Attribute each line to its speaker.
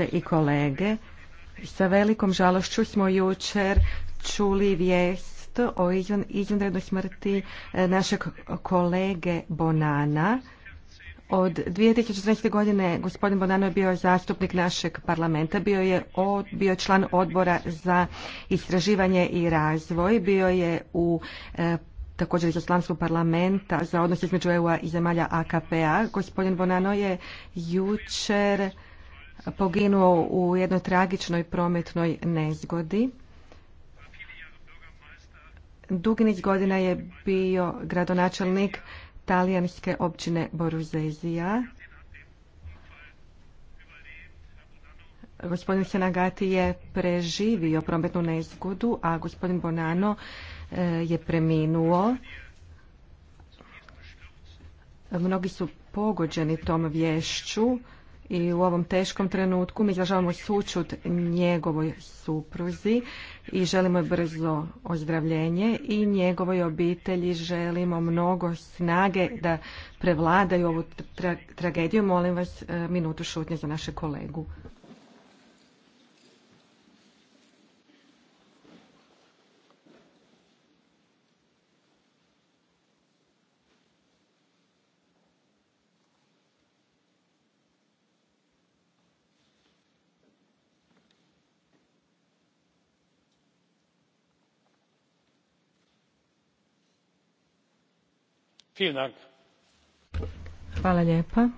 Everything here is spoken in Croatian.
Speaker 1: i kolege. Sa velikom žalošću smo jučer čuli vijest o izvanrednoj smrti e, našeg kolege Bonana. Od 2014. godine gospodin Bonano je bio zastupnik našeg parlamenta, bio je bio član odbora za istraživanje i razvoj, bio je u e, također izaslanstvu parlamenta za odnose između EU-a i zemalja akp p-a. Gospodin Bonano je jučer poginuo u jednoj tragičnoj prometnoj nezgodi. Dugi niz godina je bio gradonačelnik talijanske općine Boruzezija. Gospodin Senagati je preživio prometnu nezgodu, a gospodin Bonano eh, je preminuo. Mnogi su pogođeni tom vješću i u ovom teškom trenutku mi izražavamo sučut njegovoj supruzi i želimo brzo ozdravljenje i njegovoj obitelji želimo mnogo snage da prevladaju ovu tragediju. Molim vas e, minutu šutnje za našeg kolegu. Hvala lijepa.